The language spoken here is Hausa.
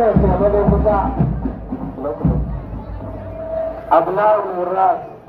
kada ya shiga daidai kusa abna'ul ras